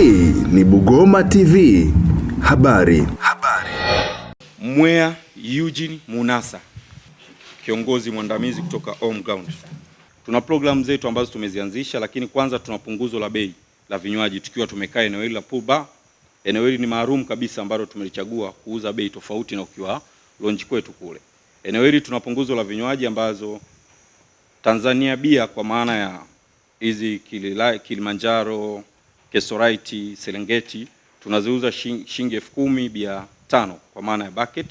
Hii ni Bugoma TV. Habari. Habari. Mwea Eugene Munasa, kiongozi mwandamizi kutoka Home Ground. Tuna program zetu ambazo tumezianzisha, lakini kwanza tuna punguzo la bei la vinywaji tukiwa tumekaa eneo hili la pool bar. Eneo hili ni maalum kabisa ambalo tumelichagua kuuza bei tofauti na ukiwa lonji kwetu kule. Eneo hili tuna punguzo la vinywaji ambazo Tanzania Bia kwa maana ya hizi Kilimanjaro Kesoraiti, Serengeti tunaziuza shilingi elfu kumi bia tano kwa maana ya bucket,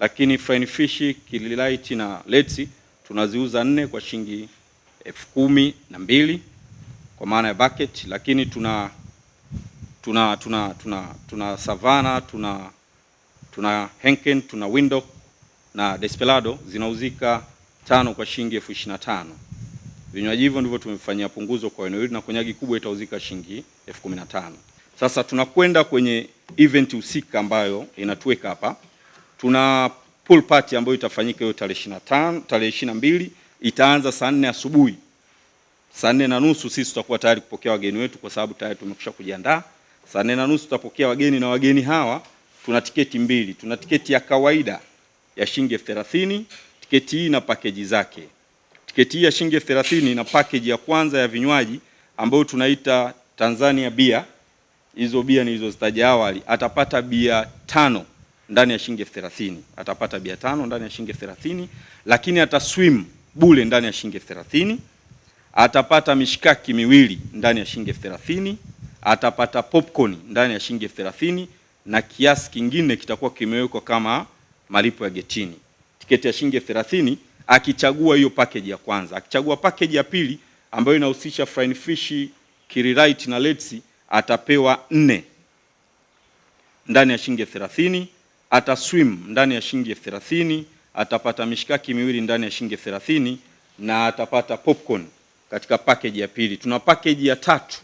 lakini fine fish, kililaiti na letsi tunaziuza nne kwa shilingi elfu kumi na mbili kwa maana ya bucket, lakini tuna tuna tuna tuna tuna savana tuna tuna henken tuna window na desperado zinauzika tano kwa shilingi elfu ishirini na tano. Vinywaji hivyo ndivyo tumefanyia punguzo kwa eneo hili na konyagi kubwa itauzika shilingi elfu kumi na tano. Sasa tunakwenda kwenye event husika ambayo inatuweka hapa. Tuna pool party ambayo itafanyika hiyo tarehe 25, tarehe 22 itaanza saa 4 asubuhi. Saa 4 na nusu sisi tutakuwa tayari kupokea wageni wetu kwa sababu tayari tumekwisha kujiandaa. Saa 4 na nusu tutapokea wageni na wageni hawa tuna tiketi mbili. Tuna tiketi ya kawaida ya shilingi elfu thelathini. Tiketi hii na pakeji zake. Tiketi hii ya shilingi elfu thelathini na package ya kwanza ya vinywaji ambayo tunaita Tanzania bia, hizo bia nilizozitaja awali, atapata bia tano ndani ya shilingi elfu thelathini atapata bia tano ndani ya shilingi elfu thelathini lakini swim bule ndani ya shilingi elfu thelathini atapata mishikaki miwili ndani ya shilingi elfu thelathini atapata popcorn ndani ya shilingi elfu thelathini na kiasi kingine kitakuwa kimewekwa kama malipo ya getini. Tiketi ya shilingi elfu thelathini akichagua hiyo package ya kwanza. Akichagua package ya pili ambayo inahusisha fine fish, kiririte na letsi, atapewa nne ndani ya shilingi elfu thelathini. Ata swim ndani ya shilingi elfu thelathini, atapata mishikaki miwili ndani ya shilingi elfu thelathini na atapata popcorn katika package ya pili. Tuna package ya tatu.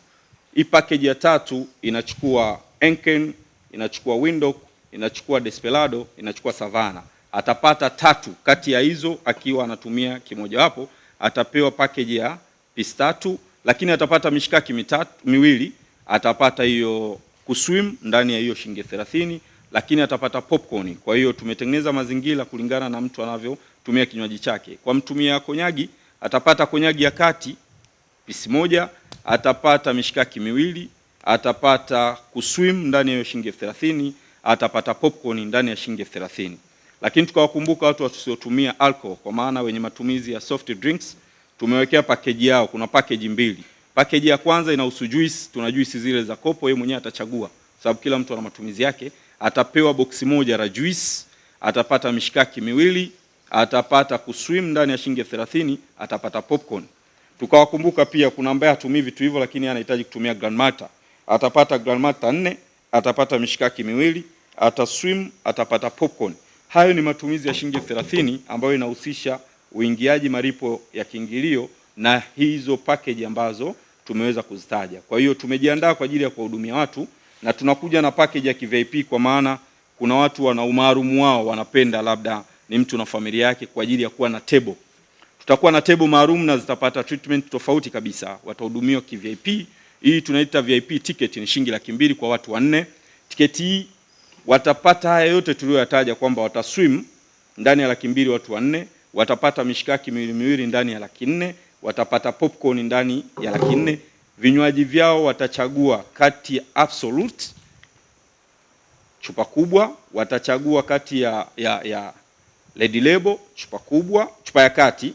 Hii package ya tatu inachukua Enken, inachukua Windhoek, inachukua Desperado, inachukua Savana atapata tatu kati ya hizo, akiwa anatumia kimojawapo atapewa package ya pisi tatu, lakini atapata mishikaki mitatu miwili, atapata hiyo kuswim ndani ya hiyo shilingi thelathini, lakini atapata popcorn. Kwa hiyo tumetengeneza mazingira kulingana na mtu anavyotumia kinywaji chake. Kwa mtumia konyagi atapata konyagi ya kati pisi moja, atapata mishikaki miwili, atapata kuswim ndani ya hiyo shilingi 30, atapata popcorn ndani ya shilingi 30. Lakini tukawakumbuka watu wasiotumia alcohol, kwa maana wenye matumizi ya soft drinks. Tumewekea package yao, kuna package mbili. Package ya kwanza inahusu juice, tuna juice zile za kopo, yeye mwenyewe atachagua, sababu kila mtu ana matumizi yake. Atapewa boksi moja la juice, atapata mishikaki miwili, atapata kuswim ndani ya shilingi thelathini, atapata popcorn. Tukawakumbuka pia kuna ambaye hatumii vitu hivyo, lakini anahitaji kutumia Grand Mata, atapata Grand Mata nne, atapata mishikaki miwili, ataswim, atapata popcorn. Hayo ni matumizi ya shilingi elfu thelathini ambayo inahusisha uingiaji malipo ya kiingilio na hizo package ambazo tumeweza kuzitaja. Kwa hiyo tumejiandaa kwa ajili ya kuwahudumia watu na tunakuja na package ya kivip kwa maana kuna watu wana umaarumu wao wanapenda labda ni mtu na familia yake kwa ajili ya kuwa na table. Tutakuwa na table maalum na zitapata treatment tofauti kabisa. Watahudumiwa kivip. Hii tunaita VIP ticket ni shilingi laki mbili kwa watu wanne. Tiketi hii watapata haya yote tuliyoyataja kwamba wataswim ndani ya laki mbili watu wanne, watapata mishikaki miwili miwili ndani ya laki nne, watapata popcorn ndani ya laki nne. Vinywaji vyao watachagua kati ya Absolute chupa kubwa, watachagua kati ya, ya, ya Lady Label chupa kubwa, chupa ya kati,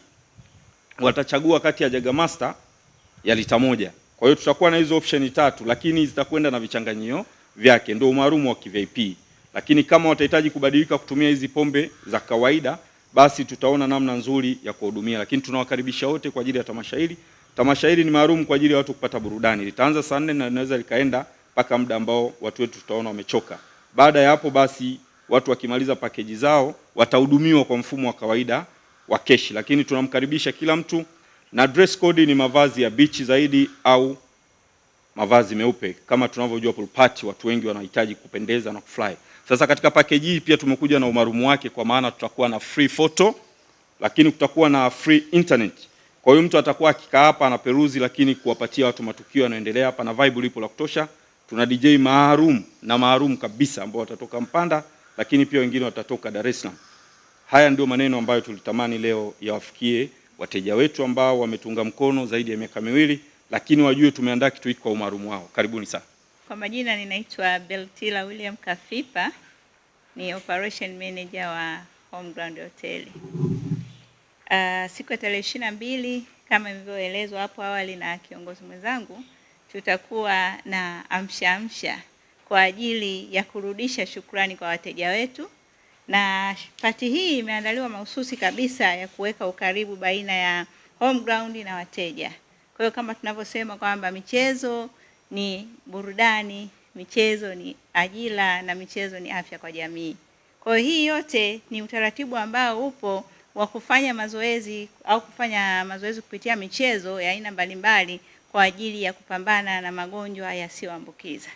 watachagua kati ya Master ya lita moja. Kwa hiyo tutakuwa na hizo option tatu, lakini zitakwenda na vichanganyio vyake, ndio umaarumu wa kivip. Lakini kama watahitaji kubadilika kutumia hizi pombe za kawaida, basi tutaona namna nzuri ya kuwahudumia. Lakini tunawakaribisha wote kwa ajili ya tamasha hili. Tamasha hili ni maalum kwa ajili ya watu kupata burudani, litaanza saa nne na linaweza likaenda mpaka muda ambao watu wetu tutaona wamechoka. Baada ya hapo basi watu wakimaliza pakeji zao watahudumiwa kwa mfumo wa kawaida wa keshi, lakini tunamkaribisha kila mtu, na dress code ni mavazi ya bichi zaidi au mavazi meupe. Kama tunavyojua pool party, watu wengi wanahitaji kupendeza na kufly. Sasa katika package hii pia tumekuja na umarumu wake, kwa maana tutakuwa na free photo, lakini kutakuwa na free internet. Kwa hiyo mtu atakuwa akikaa hapa na peruzi, lakini kuwapatia watu matukio yanayoendelea hapa, na vibe lipo la kutosha. Tuna DJ maalum na maalum kabisa ambao watatoka Mpanda, lakini pia wengine watatoka Dar es Salaam. Haya ndio maneno ambayo tulitamani leo yawafikie wateja wetu ambao wametunga mkono zaidi ya miaka miwili lakini wajue tumeandaa kitu hiki kwa umaarumu wao. Karibuni sana. Kwa majina ninaitwa Beltila William Kafipa, ni operation manager wa Ground Hotel. Uh, siku ya tarehe ishirini na mbili kama ilivyoelezwa hapo awali na kiongozi mwenzangu, tutakuwa na amsha amsha kwa ajili ya kurudisha shukrani kwa wateja wetu, na pati hii imeandaliwa mahususi kabisa ya kuweka ukaribu baina ya Ground na wateja. Kwa hiyo kama tunavyosema kwamba michezo ni burudani, michezo ni ajira na michezo ni afya kwa jamii. Kwa hiyo hii yote ni utaratibu ambao upo wa kufanya mazoezi au kufanya mazoezi kupitia michezo ya aina mbalimbali kwa ajili ya kupambana na magonjwa yasiyoambukiza.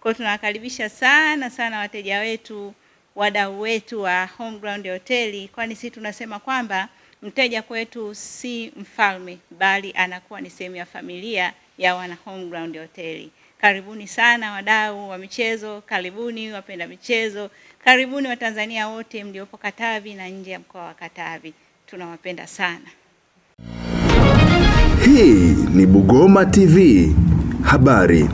Kwa hiyo tunawakaribisha sana sana wateja wetu, wadau wetu wa Ground Hoteli, kwani sisi tunasema kwamba Mteja kwetu si mfalme, bali anakuwa ni sehemu ya familia ya wana Homeground Hoteli. Karibuni sana wadau wa michezo, karibuni wapenda michezo, karibuni Watanzania wote mliopo Katavi na nje ya mkoa wa Katavi, tunawapenda sana. Hii ni Bugoma TV habari.